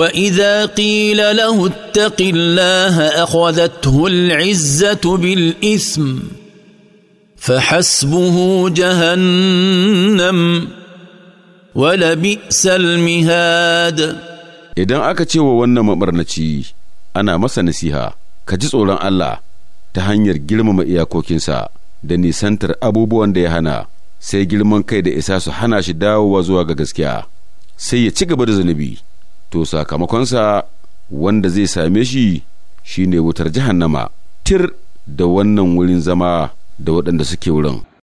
واذا قيل له اتق الله اخذته العزه بالاثم فحسبه جهنم ولبئس المهاد idan aka ce wa wannan mabarnaci ana masa nasiha ka ji tsoron Allah ta hanyar girmama iyakokinsa da nisantar abubuwan da ya hana sai girman kai da isa su hana shi dawowa zuwa ga gaskiya sai ya ci gaba da zunubi to sakamakonsa wanda zai same shi shine wutar jahannama tir da wannan wurin zama da waɗanda suke wurin